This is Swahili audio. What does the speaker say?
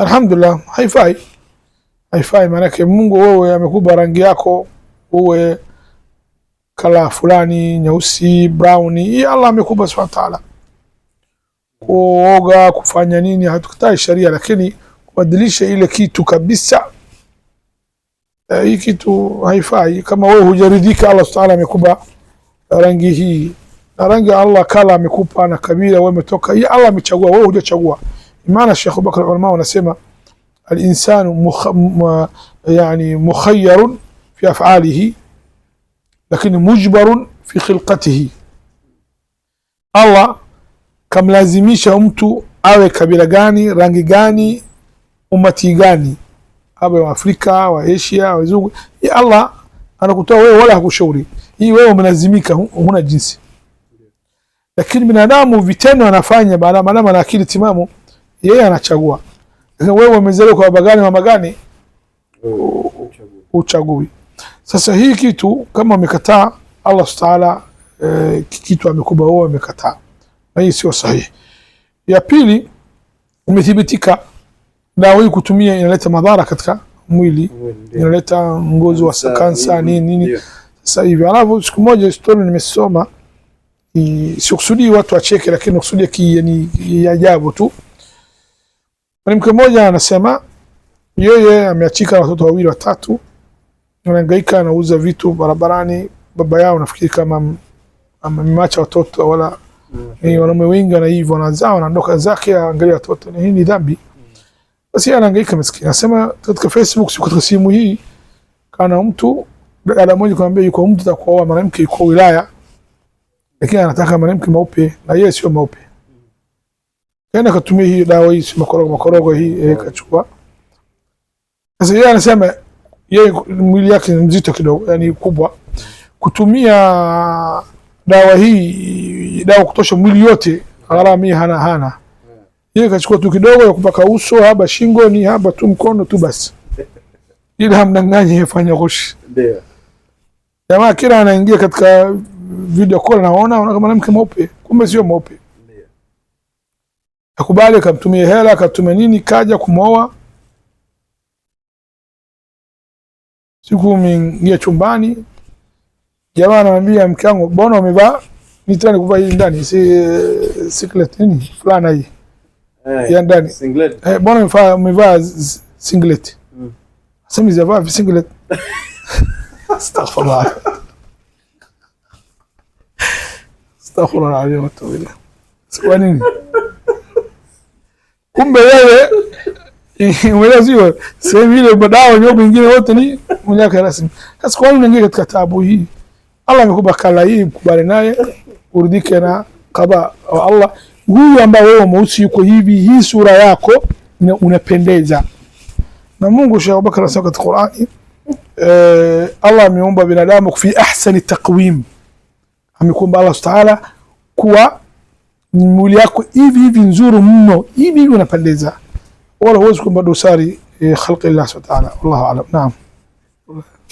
Alhamdulillah, haifai haifai. Maanake Mungu wewe amekupa rangi yako uwe kala fulani nyeusi, brown, hii Allah amekupa subhanahu wa ta'ala. Kuoga kufanya nini hatukatai sharia, lakini kubadilisha ile kitu kabisa, e, hii kitu haifai. Kama wewe hujaridhika, Allah subhanahu wa ta'ala amekupa rangi hii na rangi Allah kala amekupa na kabila wewe umetoka, hii Allah amechagua, wewe hujachagua. Maana Sheikh Abubakar, ulama wanasema alinsanu mukh, yani mukhayyarun fi af'alihi lakini mujbarun fi khilqatihi, Allah kamlazimisha mtu awe kabila gani, rangi gani, umati gani, awe wa Afrika, wa Asia, wazungu. Allah anakutoa wewe wala hakushauri hii, wewe umelazimika, huna jinsi. Lakini binadamu vitendo anafanya, maadamu ana akili timamu yeye anachagua. Sasa wewe umezaliwa kwa baba gani mama gani, uchagui. Sasa hii kitu kama umekataa Allah Taala e, kitu amekuba wewe umekataa, na hii sio sahihi. Ya pili, umethibitika dawa hii kutumia inaleta madhara katika mwili, inaleta ngozi wa kansa nini nini. Sasa hivi alafu, siku moja story nimesoma, sikusudi watu wacheke, lakini nakusudia ki yani ajabu tu Mwanamke mmoja anasema yeye ameachika na watoto wawili watatu, anahangaika, anauza vitu barabarani. Baba yao nafikiri kama amemacha watoto wala mm. -hmm. wanaume wengi wanaivu, wanazaa wanaondoka zake, angalia watoto, ni hii ni dhambi. Basi anahangaika maskini, anasema katika Facebook, siku katika simu hii, kana mtu dada moja kumwambia yuko mtu atakuoa mwanamke yuko wilaya, lakini anataka mwanamke mweupe na yeye sio mweupe kaenda yaani katumia hiyo dawa hii, si makorogo makorogo hii eh, kachukua. Sasa yeye anasema yeye mwili yake ni mzito kidogo, yani kubwa, kutumia dawa hii dawa kutosha mwili yote, gharama hii hana hana yeye kachukua tu kidogo ya kupaka uso haba shingo ni haba tu mkono tu basi, ili hamdanganyi yefanya kushi. Ndio jamaa kila anaingia katika video call, naona kama mwanamke mweupe, kumbe sio mweupe akubali, akamtumia hela, akatumia nini, kaja kumwoa. Siku mingia chumbani, jamaa anamwambia mke wangu, mbona umevaa nitani kuvaa hii ndani, si singlet nini fulana hii eh, ya ndani, eh, mbona umevaa singlet? Mm. Sema zavaa singlet, astaghfirullah astaghfirullah, wa tubu ilayh. Kwa nini? kumbe wewe umeelewa sehemu ile madawa nyoo mengine wote ni mwenyake rasmi. Sasa kwa nini unaingia katika taabu hii? Allah amekupa kala hii, kubali naye urudike na qada wa Allah. Huyu ambaye wewe mweusi yuko hivi, hii sura yako unapendeza na Mungu. Sheikh Abubakar anasema katika Qur'ani eh, Allah ameumba binadamu fi ahsani taqwim, amekuumba Allah subhanahu wa ta'ala kuwa ni mwili yako hivi hivi nzuri mno hivi hivi unapendeza, wala huwezi kuomba dosari khalqi Allah subhanahu wa ta'ala. Wallahu a'lam. Naam.